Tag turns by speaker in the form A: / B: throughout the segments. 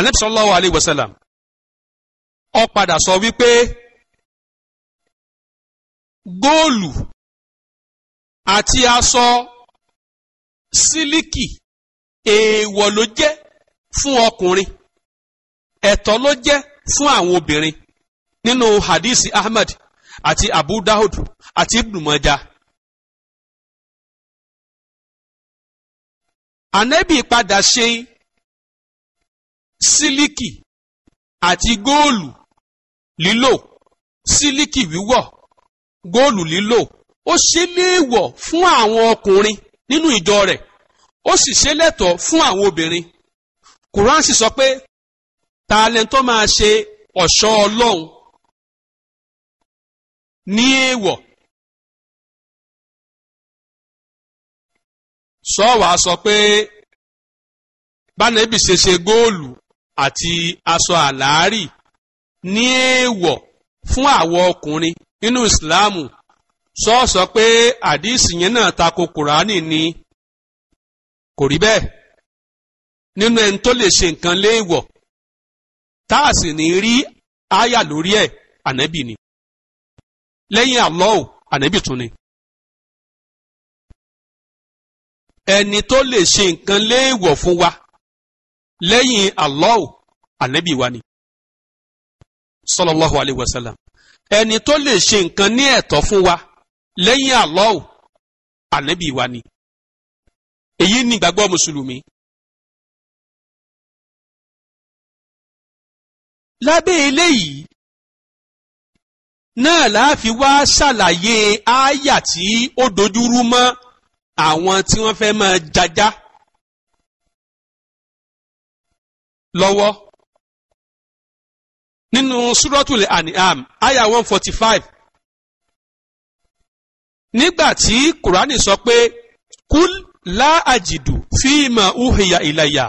A: anabi sallallahu alayhi wa sallam ó padà sọ wípé góòlù àti aṣọ
B: sílíkì èèwọ̀ ló jẹ́ fún ọkùnrin ẹ̀tọ́ ló jẹ́ fún àwọn obìnrin nínú hadisi ahmad àti abu dahud àti ibn majah. padà ṣe sílíkì àti góòlù lílò sílíkì wíwọ̀ góòlù lílò ó ṣe léèwọ̀ fún àwọn ọkùnrin nínú ìjọ rẹ̀ ó sì ṣe lẹ́tọ̀ọ́ fún àwọn obìnrin Quran sì sọ pé ta lẹ́ńtọ́ máa ṣe ọ̀ṣọ́ ọlọ́run
A: ní èèwọ̀
B: sọ́wàá sọ pé bánẹ́bì ṣe ṣe góòlù àti aṣọ àlàárì ní èèwọ̀ fún àwọn ọkùnrin nínú ìsìláàmù sọ́ọ̀sọ pé àdìsí yẹn náà tako kùránì ni kò rí bẹ́ẹ̀ nínú ẹni tó lè ṣe nǹkan
A: léèwọ̀ tá a sì ní rí àyà lórí ẹ̀ ànábì ni lẹ́yìn àlọ́ọ̀ ànábì tún ni. ẹni tó lè ṣe nǹkan léèwọ̀ fún wa lẹ́yìn
B: Allah ànábì wa ni sallallahu alayhi wa sallam ẹni tó lè ṣe nǹkan ní ẹ̀tọ́ fún wa lẹ́yìn Allah ànábì wa ni
A: èyí ni ìgbàgbọ́ mùsùlùmí. lábẹ́ eléyìí náà láàfin wá ṣàlàyé ááyà tí ó dojúrú mọ́ àwọn tí wọ́n fẹ́ máa jajá. lọ́wọ́ nínú suratul an'am aya one forty
B: five nígbà tí kùránì sọ pé kúl láàjìdù fíìmà uhiya ìlàyà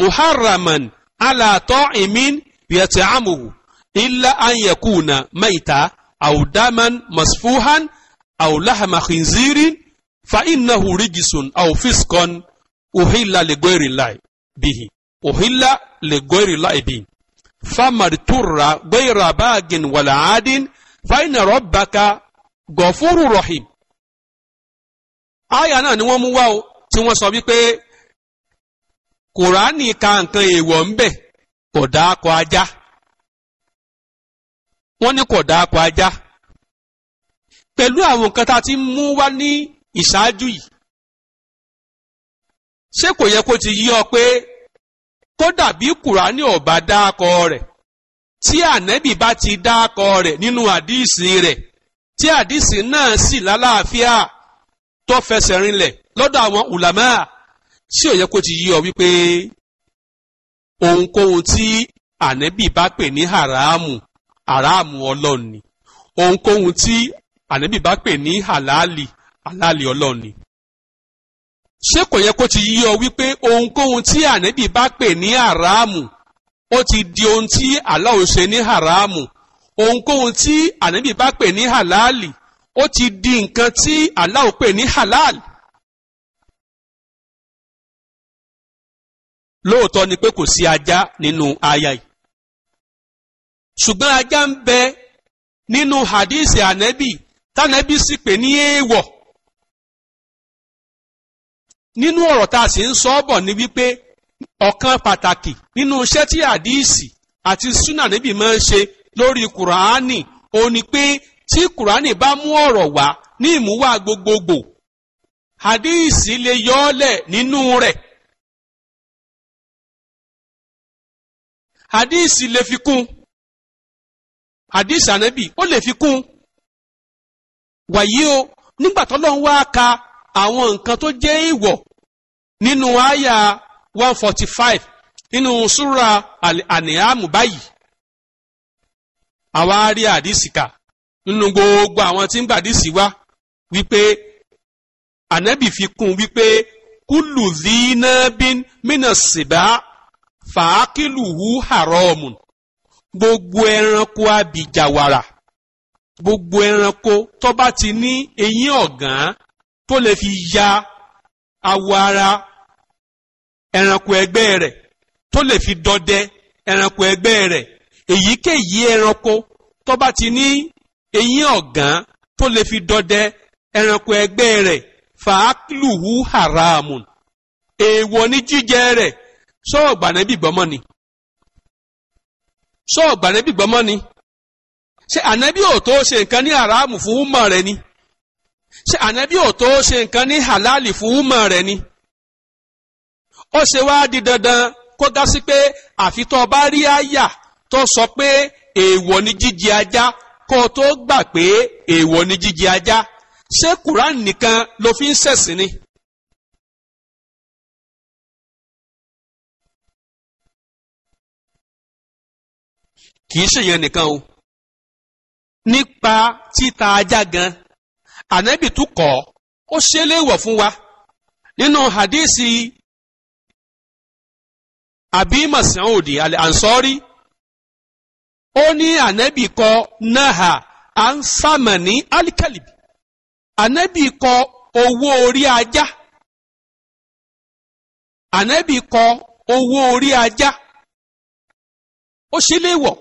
B: muharraman ala ta'imin yata'amuhu illa an yakuna maita aw daman masfuhan aw lahma khinzirin fa innahu rijisun aw fiskon uhilla li ghairi أهل لغير الله به فمن اضطر غير باغ ولا عاد فإن ربك غفور رحيم naa náà ni wọ́n mú wá o tí wọ́n sọ wípé kùránì ka nǹkan èèwọ̀ mbe bẹ̀ kò dáa kọ ajá wọ́n ní kò dáa pẹ̀lú àwọn nǹkan tá a ti mú wá ní ìṣáájú yìí ṣé kò yẹ kó ti yí ọ pé kódà bí kùránì ò bá dákọ rẹ̀ tí ànẹ́bì bá ti dákọ rẹ̀ nínú àdíìsì rẹ̀ tí àdíìsì náà sì lálàáfíà tó fẹsẹ̀ rinlẹ̀ lọ́dọ̀ àwọn ùlámà tí ò yẹ ti yí ọ wípé ohunkóhun tí ànẹ́bì bá pè ní haramu haramu ọlọ́run ni ohunkóhun tí ànẹ́bì bá pè ní halali halali ọlọ́run ṣé kò yẹ kó ti yí ọ wípé ohunkóhun tí ànábì bá pè ní haramu ó ti di ohun tí Allah ṣe ní haramu ohunkóhun tí ànábì bá pè ní halali ó ti di nǹkan tí Allah pè ní halal.
A: lóòótọ́ ni pé kò sí ajá nínú aya yìí ṣùgbọ́n ajá ń bẹ nínú
B: hadisi ànábì tànábì sì pè ní èèwọ̀. E nínú ọ̀rọ̀ tá sì ń sọ ọ́ bọ̀ ni wípé ọ̀kan pàtàkì nínú iṣẹ́ tí àdíìsì àti súnà níbì máa ń ṣe lórí kùránì ó ní pé tí kùránì bá mú ọ̀rọ̀ wá ní ìmúwá gbogbogbò àdíìsì
A: lè yọ ọ́ lẹ̀ nínú rẹ̀. àdíìsì lè fi kún àdíìsì ànábì ó lè fi kún
B: wàyí o nígbà tó lọ́n wá ka àwọn nǹkan tó jẹ́ ìwọ̀ nínú àyà one forty five nínú súra àníhàmù báyìí àwa rí àdìsí kà nínú gbogbo àwọn tí ń gbàdìsí wá wípé ànábì fi kún wípé kúlù dínàbín mínà síbá fàákìlùhù haramun gbogbo ẹranko abìjàwàrà gbogbo ẹranko tó bá ti ní eyín ọ̀gán tó lè fi ya awọ ara ẹranko ẹgbẹ́ rẹ tó lè fi dọdẹ ẹranko ẹgbẹ́ rẹ̀ èyíkéyìí ẹranko tó bá ti ní eyín ọ̀gán tó lè fi dọdẹ ẹranko ẹgbẹ́ rẹ fàákìlùhù haramun èèwọ̀ ní jíjẹ rẹ̀ sọ́ọ̀gbà níbi gbọ́mọ́ ni sọ́ọ̀gbà níbi gbọ́mọ́ ni ṣé ànábì ò tó ṣe nǹkan ní haramu fún húmọ̀ rẹ̀ ni. So, ṣé ànábì ò tó ṣe nǹkan ní halali fún umar rẹ̀ ni ó ṣe wá di dandan kó dá sí pé àfi tó bá rí àyà tó sọ pé èèwọ̀ ni jíjẹ ajá kó tó gbà pé èèwọ̀ ni jíjẹ ajá ṣé Quran nìkan ló fi ń ṣẹ̀sìn ni.
A: kì í ṣèyẹn nìkan o nípa títa ajá gan ànábì tún kọ́ ó ṣe léèwọ̀ fún wa nínú hadísì àbí Mas'udi
B: al-Ansari ó ní ànábì kọ́ náà à ń sàmà ní alikalibi ànábì kọ́ owó orí ajá
A: ànábì kọ́ owó orí ajá ó ṣe léèwọ̀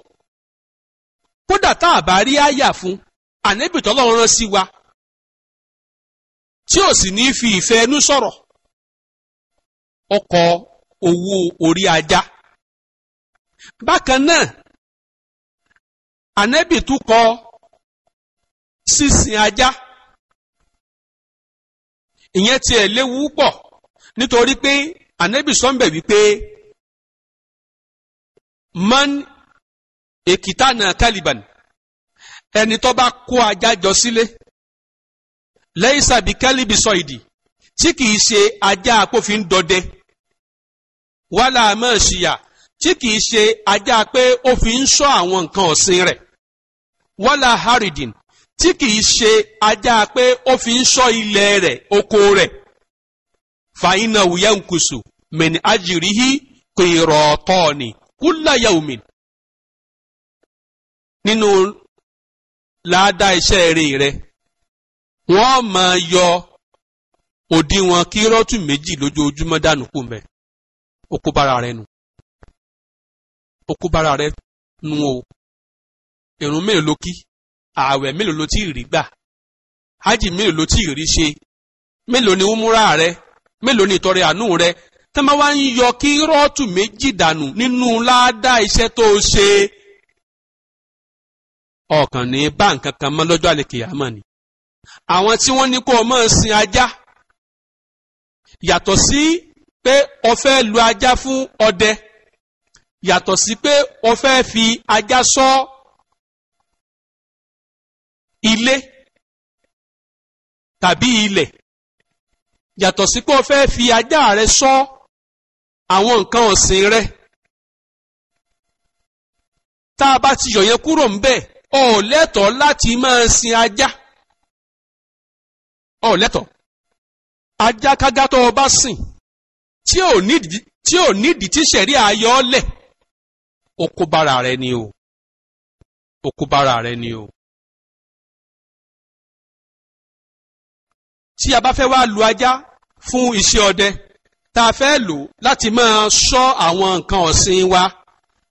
A: kódà tá a bá rí àyà fún ànábì tọ́lọ́run rán sí wa tí ò sì ní fi ìfẹ́ ẹnu sọ̀rọ̀ ọkọ̀ owó orí ajá bákan náà ànẹ́bì tún kọ sísìn ajá ìyẹn tiẹ̀ léwu pọ̀ nítorí pé ànẹ́bì sọ́nbẹ̀ wípé
B: man èkìtà náà kálíbàn ẹni tó bá kó ajá jọ sílé. Si lẹ́yìn sàbí kẹ́líbi sọ ìdì tí kìí ṣe ajá àpòfin dọdẹ wàhálà mẹ́ẹ̀ṣìyà tí kìí ṣe ajá pé ó fi ń ṣọ́ àwọn nǹkan ọ̀sìn rẹ̀ wàhálà haridin tí kìí ṣe ajá pé ó fi ń ṣọ́ ilẹ̀ rẹ̀ oko rẹ̀ fàyínà wùyẹ́ nkùsù mẹ́ni ajìrìhí kìrọ̀tọ́ọ̀nì
A: kúláyàwùmí nínú làádá
B: iṣẹ́ rẹ̀ rẹ̀ wọ́n máa yọ òdiwọ̀n kírọ́tù méjì lójoojúmọ́ dànù kù mẹ́ okó bára rẹ nù
A: okó bára rẹ nù o ìrun mélòó ló kí ààwẹ̀
B: mélòó ló tí ì rí gbà hajj mélòó ló tí ì rí ṣe mélòó ni umura rẹ mélòó ni ìtọrẹ àánú rẹ tẹ́ máa wá ń yọ kírọ́tù méjì dànù nínú ládàá iṣẹ́ tó ṣe ọkàn ní bá nǹkan kan mọ́ lọ́jọ́ àlekèyàmọ́ ni àwọn tí wọ́n ní kó o máa sin ajá yàtọ̀ sí pé o fẹ́ lu ajá fún ọdẹ yàtọ̀ sí pé o fẹ́ fi ajá ṣọ́
A: ilé tàbí ilẹ̀ yàtọ̀ sí
B: pé o fẹ́ fi ajá rẹ ṣọ́ àwọn nǹkan ọ̀sìn rẹ tá a bá ti yọ̀ kúrò ń bẹ̀ o lẹ́tọ̀ọ́ láti
A: máa sin ajá ọ lẹ́tọ̀ ajá tó o bá sìn tí ò nídìí tí ò nídìí tí sẹ̀rí ayọ́ lẹ̀ ó kó bára rẹ ni o ó kó bára rẹ ni o. tí a bá fẹ́ wá lu ajá fún
B: iṣẹ́ ọdẹ tá a fẹ́ lò láti máa ṣọ́ àwọn nǹkan ọ̀sìn wa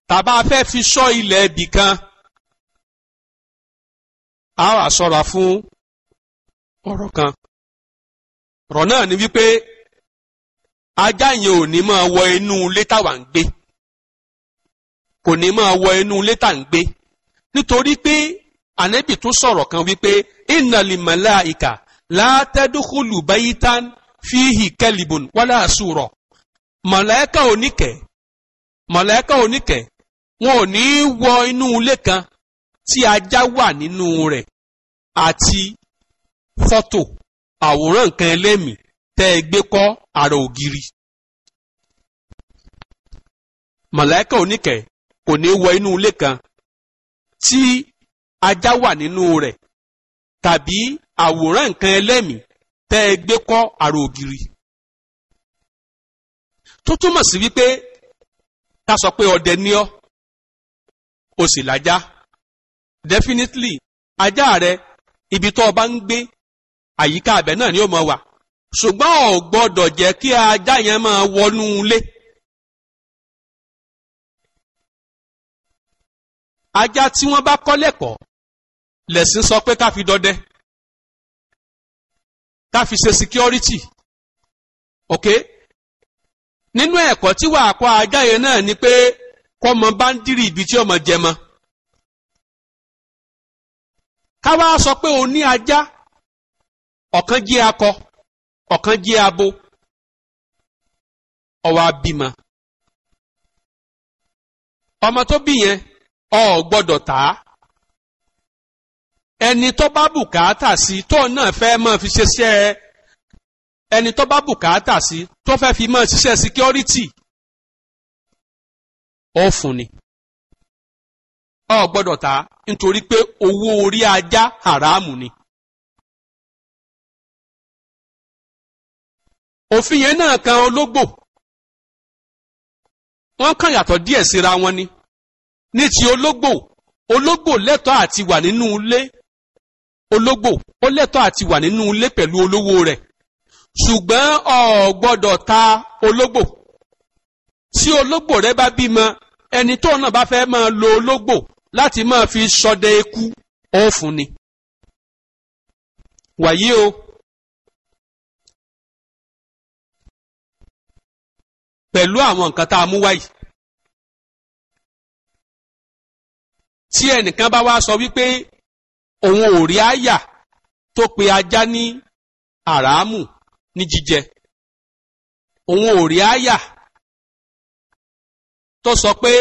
B: tàbá a fẹ́ fi ṣọ́ ilẹ̀ ibì kan
A: a wà ṣọ́ra fún ọ̀rọ̀ kan ọ̀rọ̀ náà ni wípé
B: ajá yẹn ò ní máa wọ inú ilé táwa ń gbé kò ní máa wọ inú ilé tá à ń gbé nítorí pé ànábì tún sọ̀rọ̀ kan wípé ìnàlì màláìkà látẹ́dúkúlù báyítán fíhì kẹlìbùn wálé àsùrọ̀ màláìkà oníkẹ̀ màláìkà oníkẹ̀ wọn ò ní wọ inú ilé kan tí ajá wà nínú rẹ̀ àti fọ́tò àwòrán nǹkan ẹlẹ́mì tẹ́ ẹ gbé kọ́ ara ògiri. màláìkà oníkẹ̀ kò ní wọ inú ilé kan tí ajá wà nínú rẹ̀ tàbí àwòrán nǹkan ẹlẹ́mì tẹ́ ẹ gbé kọ́ ara ògiri.
A: tó túmọ̀ sí wípé ká sọ pé ọdẹ
B: ni ọ́ o sì lájá definitely ajá rẹ ibi tó o bá ń gbé àyíká abẹ náà ni ó máa wà ṣùgbọ́n ò gbọ́dọ̀ jẹ́ kí ajá yẹn máa wọnú ilé.
A: ajá tí wọ́n bá kọ́ lẹ́kọ̀ọ́ lẹ̀sìn sọ pé ká fi dọdẹ ká fi ṣe security ok nínú ẹ̀kọ́ tí wàá kọ́ ajá yẹn náà ni pé kọ́mọ bá ń dírì ibi tí ọmọ jẹ mọ́ ká wá sọ pé o ní ajá ọ̀kan jẹ́ akọ ọ̀kan jẹ́ abo ó bima bímọ
B: ọmọ tó bí yẹn ọ gbọdọ taa á ẹni tó bá bùkátà sí tó náà fẹ́ máa fi ṣiṣẹ́ ẹni tọ bá bùkátà sí tọ fẹ́ fi máa ṣiṣẹ́ security ọ
A: fún ni ọ gbọdọ taa á nítorí pé owó orí ajá haramu ni.
B: òfin yẹn náà kan ológbò wọ́n kàn yàtọ̀ díẹ̀ síra wọn ni ní ti ológbò ológbò lẹ́tọ̀ọ́ àti wà nínú ilé ológbò ó lẹ́tọ̀ọ́ àti wà nínú ilé pẹ̀lú olówó rẹ̀ ṣùgbọ́n o gbọ́dọ̀ ta ológbò tí ológbò rẹ bá bímọ ẹni tó náà bá fẹ́ máa lo ológbò láti máa fi ṣọdẹ eku ó fún ni
A: wàyí o. pẹ̀lú àwọn nǹkan tá a mú wáyìí. tí ẹnìkan bá wá sọ wípé òun ò rí àyà tó pe ajá ní àràámù ní jíjẹ òun ò rí àyà tó sọ pé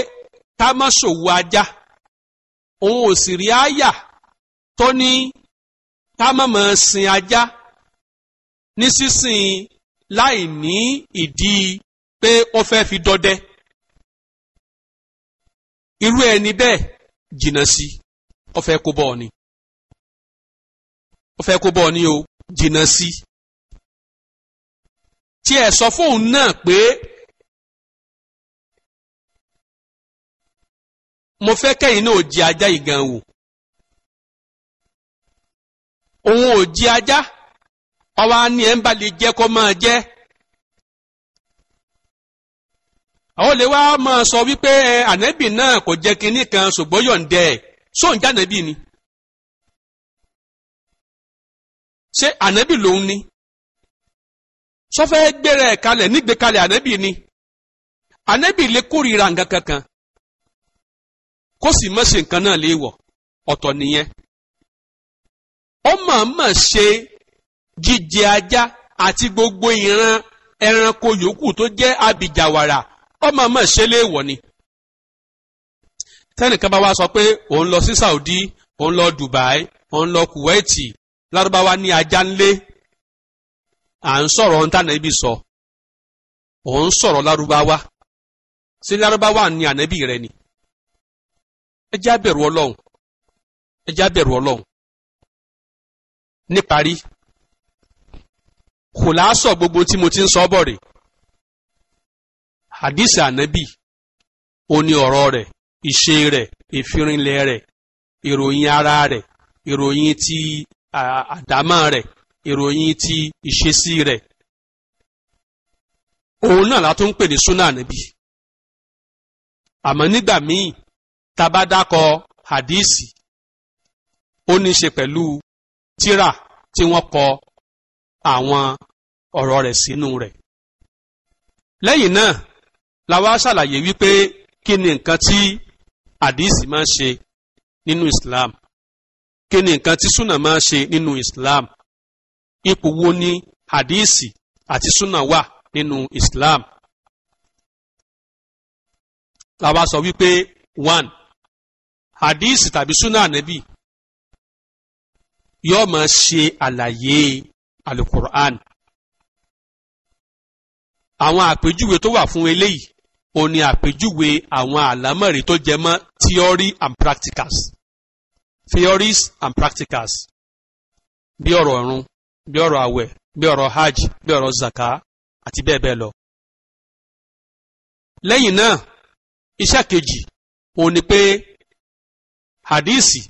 B: ká má ṣòwò ajá òun ò sì rí àyà tó ní ká má máa sin ajá ní sísìn
A: láì ní ìdí pé ó fẹ́ fi dọdẹ irú ẹni bẹ́ẹ̀ jìnnà sí ó fẹ́ kó bọ́ ọ ni ó fẹ́ kó bọ́ ọ ni o jìnnà sí tí ẹ sọ fóun náà pé mo fẹ́ kẹ́yìn náà jẹ ajá yìí gan wò
B: òun ò jẹ ajá ọwọ́ á ní ẹ̀ ń bá jẹ́ kó máa jẹ́ àwọn lè wá máa sọ wípé ẹ ànẹ́bì náà kò jẹ́ kinní kan ṣùgbọ́n yọ̀ǹdẹ̀ ẹ̀ sóun jẹ́ ànẹ́bì ni.
A: ṣé ànẹ́bì lòun ni sọfẹ́
B: gbéra ẹ̀ kalẹ̀ nígbè ànẹ́bì ni ànẹ́bì lè kórìíra nǹkan kankan kó sì má ṣe nǹkan náà léèwọ̀ ọ̀tọ̀ nìyẹn ó mọ̀ọ́mọ̀ ṣe jíjẹ ajá àti gbogbo ìran ẹranko yòókù tó jẹ́ abìjàwàrà ọmọ ọmọ ṣe léèwọ̀ ni tẹ́nìkan bá wá sọ pé òun lọ sí Saudi òun lọ Dubai òun lọ Kuwaiti larubawa ní ajá nle à ń sọ̀rọ̀ ohun tánà ibi sọ òun sọ̀rọ̀ larubawa sí larubawa ní ànábì rẹ
A: ni ẹ já ọlọrun ọlọ́run ẹ ọlọrun bẹ̀rù ọlọ́run níparí kò láásọ gbogbo tí mo ti
B: ń sọ bọ̀ àdìsí ànábì ó ní ọ̀rọ̀ rẹ̀ ìṣe rẹ̀ ìfirinlẹ̀ rẹ̀ ìròyìn ara rẹ̀ ìròyìn ti àdámọ́ rẹ̀ ìròyìn ti ìṣesí rẹ̀ òun náà látún pè ní súnà ànábì àmọ́ nígbà míì tabadakọ hadisi ó ní í ṣe pẹ̀lú tírà tí wọ́n kọ àwọn ọ̀rọ̀ rẹ̀ sínú rẹ̀ lẹ́yìn náà la wá ṣàlàyé wípé kí ni nǹkan tí àdìsí máa ń ṣe nínú Islam kí ni nǹkan tí súnà máa ń ṣe nínú Islam ipò wo ni àdìsí àti súnà wà nínú Islam la wá sọ wípé one àdìsí tàbí súnà ànábì yóò máa ṣe àlàyé alukur'an àwọn àpèjúwe tó wà fún eléyìí ó ní àpèjúwe àwọn àlámọ̀rí tó jẹ mọ́ theory and practicals theories and practicals bí ọ̀rọ̀ ọ̀run bí ọ̀rọ̀ àwẹ̀ bí ọ̀rọ̀ hajj bí ọ̀rọ̀ zaka
A: àti bẹ́ẹ̀ bẹ́ẹ̀ lọ. lẹ́yìn náà iṣẹ́ kejì òun ni pé hadisi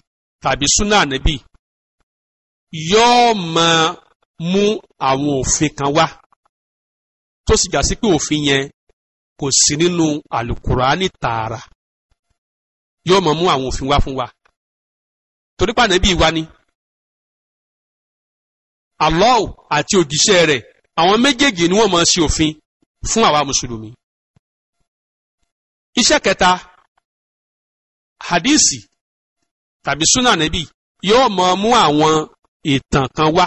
A: tàbí sunna ànábì
B: yóò máa mú àwọn òfin kan wá tó sì já sí pé òfin yẹn kò sí nínú àlùkùránì tààrà yóò mọ̀ mú àwọn òfin wá fún wa torí pàdé bíi wa ni
A: Allah àti òjíṣẹ́ rẹ̀ àwọn méjèèjì ni wọ́n máa ṣe òfin fún àwa mùsùlùmí. iṣẹ́ kẹta hadisi tàbí súnà nẹ́bì yóò máa mú àwọn ìtàn kan wá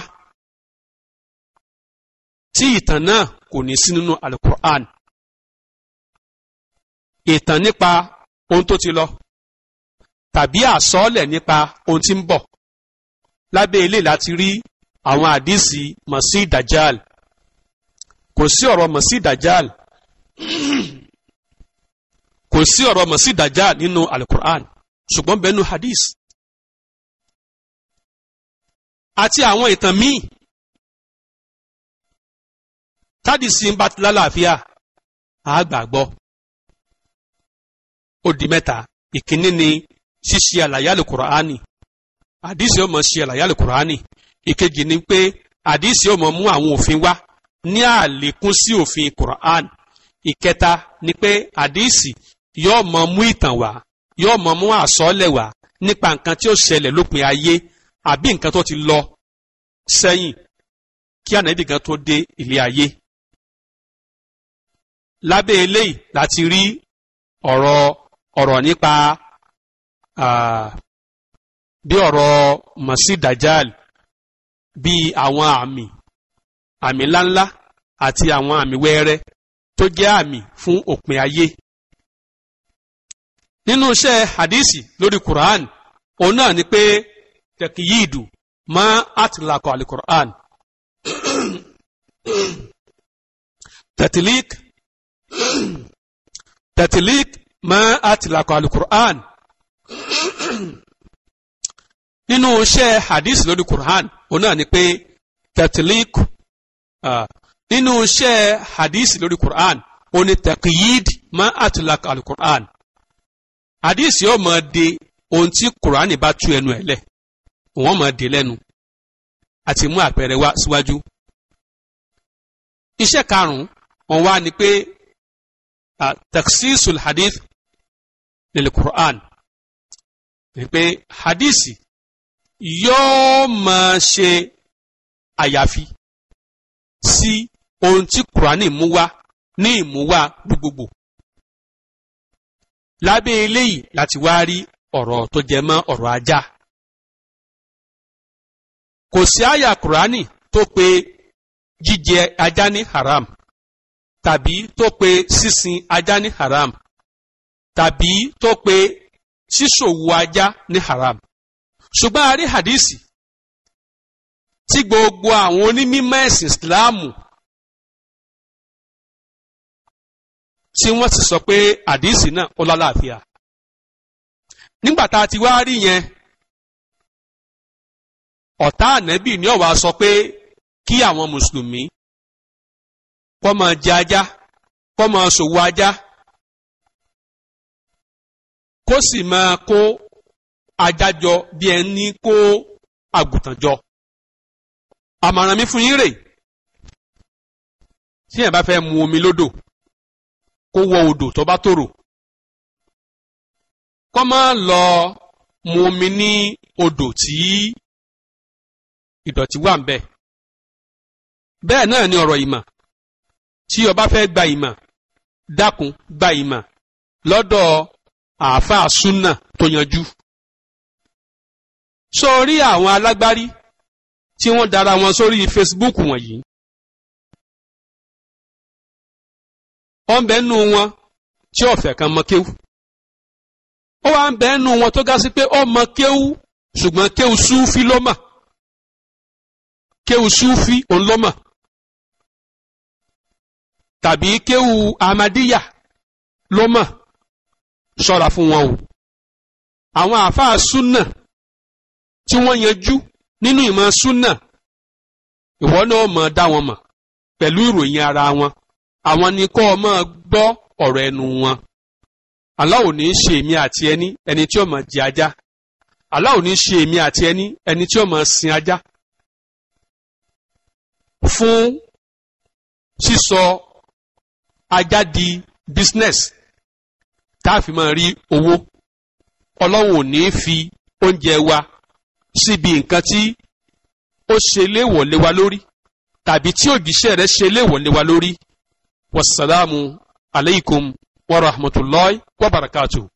A: tí ìtàn náà kò ní sí nínú alukur'an ìtàn nípa
B: ohun tó ti lọ tàbí àsọọ́lẹ̀ nípa ohun tí ń bọ̀ lábẹ́ ilé láti rí àwọn àdísì mọ̀sí ìdájáàlì kò sí ọ̀rọ̀ mọ̀sí ìdájáàlì kò sí ọ̀rọ̀ mọ̀sí ìdájáàlì nínú alukur'an ṣùgbọ́n bẹ́ẹ̀ nu hadith
A: àti àwọn ìtàn míì tádìsí
B: ń bá lálàáfíà àgbàgbọ́ ó di mẹ́ta ìkíní ni ṣíṣe àlàyé àlùkùránì àdìsí ó máa ṣe àlàyé àlùkùránì ìkejì ni pé àdìsí ó máa mú àwọn òfin wá ní àlékún sí òfin kùránì ìkẹta ni pé àdìsí yóò máa mú ìtàn wá yóò máa mú àsọlẹ̀ wá nípa nǹkan tí ó ṣẹlẹ̀ lópin ayé àbí nǹkan tó ti lọ sẹ́yìn kí ànábì gan tó dé ilé ayé
A: lábẹ́ eléyìí láti rí ọ̀rọ̀
B: ọ̀rọ̀ nípa bí ọ̀rọ̀ masi dajjal bí àwọn àmì àmì ńláńlá àti àwọn àmì wẹ́ẹ́rẹ́ tó jẹ́ àmì fún òpin ayé nínú iṣẹ́ hadisi lórí quran òun náà ni pé tẹkìyíìdù má àtìlákọ alukur'an tẹtìlík ma atilakọ alukur'an nínú iṣẹ́ hadith lórí kur'an òun náà ni pé tatlik nínú iṣẹ́ hadith lórí kur'an òun ni taqyid ma atilakọ alukur'an hadith yóò máa de ohun tí kur'an bá tú ẹnu ẹ̀ lẹ̀ wọ́n máa de lẹ́nu àti mú àpẹẹrẹ wá síwájú iṣẹ́
A: karùn-ún wọn wá ni pé taksisul hadith lil Qur'an pé hadisi yóò máa ṣe àyàfi sí ohun tí Qur'ani mú wá ní ìmúwá gbogbogbò lábẹ́
B: eléyìí láti wá rí ọ̀rọ̀ tó jẹ mọ́ ọ̀rọ̀ ajá kò sí àyà Qur'ani tó pe jíjẹ ajá ní haram tàbí tó pe sísin ajá ní haram tàbí tó pe ṣíṣòwò ajá ní haram ṣùgbọ́n a rí hadisi tí gbogbo àwọn onímọ̀ ẹ̀sìn Islamu.
A: tí wọ́n sì sọ pé hadisi náà ó lálàáfíà nígbà tá a ti wá rí yẹn ọ̀tá ànẹ́bì ni ọ̀wá sọ pé kí àwọn mùsùlùmí kọ́
B: máa jẹ ajá kọ́ máa ṣòwò ajá kó sì máa kó ajá jọ bí ẹni kó àgùntàn
A: jọ àmọ̀ràn mi fún yín rèé tí ẹ̀ bá fẹ́ mu omi lódò kó wọ odò tó bá tòrò kó má lọ mu omi ní odò tí ìdọ̀tí wà ń bẹ̀. bẹ́ẹ̀ náà ni ọ̀rọ̀ ìmọ̀
B: tí o fẹ́ gba ìmọ̀ dákun gba ìmọ̀ lọ́dọ̀ àáfàá súnà tó yanjú. sórí àwọn alágbárí
A: tí wọ́n dara wọn sórí Facebook wọ̀nyí. wọ́n bẹ́ẹ̀ nù wọn tí ọ̀fẹ́ kan mọ kéwú. ó wá ń bẹ́ẹ̀ nù wọn tó ga sí pé ó mọ kéwú ṣùgbọ́n kéwú súfì lọ́mà kéwú súfì òun lọ́mà tàbí kéwú amadíyà lọ́mà ṣọ́ra fún wọn o àwọn àáfàá súnà tí wọ́n yanjú
B: nínú ìmọ̀ súnà ìwọ náà mọ̀ dá wọn mọ̀ pẹ̀lú ìròyìn ara wọn àwọn ni kọ́ ọ máa gbọ́ ọ̀rọ̀ ẹnu wọn Allah ò ní í ṣe èmi àti ẹni ẹni tí ó máa jẹ ajá Allah ò ní í ṣe èmi àti ẹni ẹni tí ó máa sin ajá fún sísọ ajá di business tá a fi máa rí owó ọlọ́run ò ní fi oúnjẹ wa síbi nǹkan tí ó ṣe léèwọ̀ wa lórí tàbí tí òjíṣẹ́ rẹ̀ ṣe léèwọ̀ wa lórí wasalaamu aleykum wa rahmatulahi wa barakatuhu.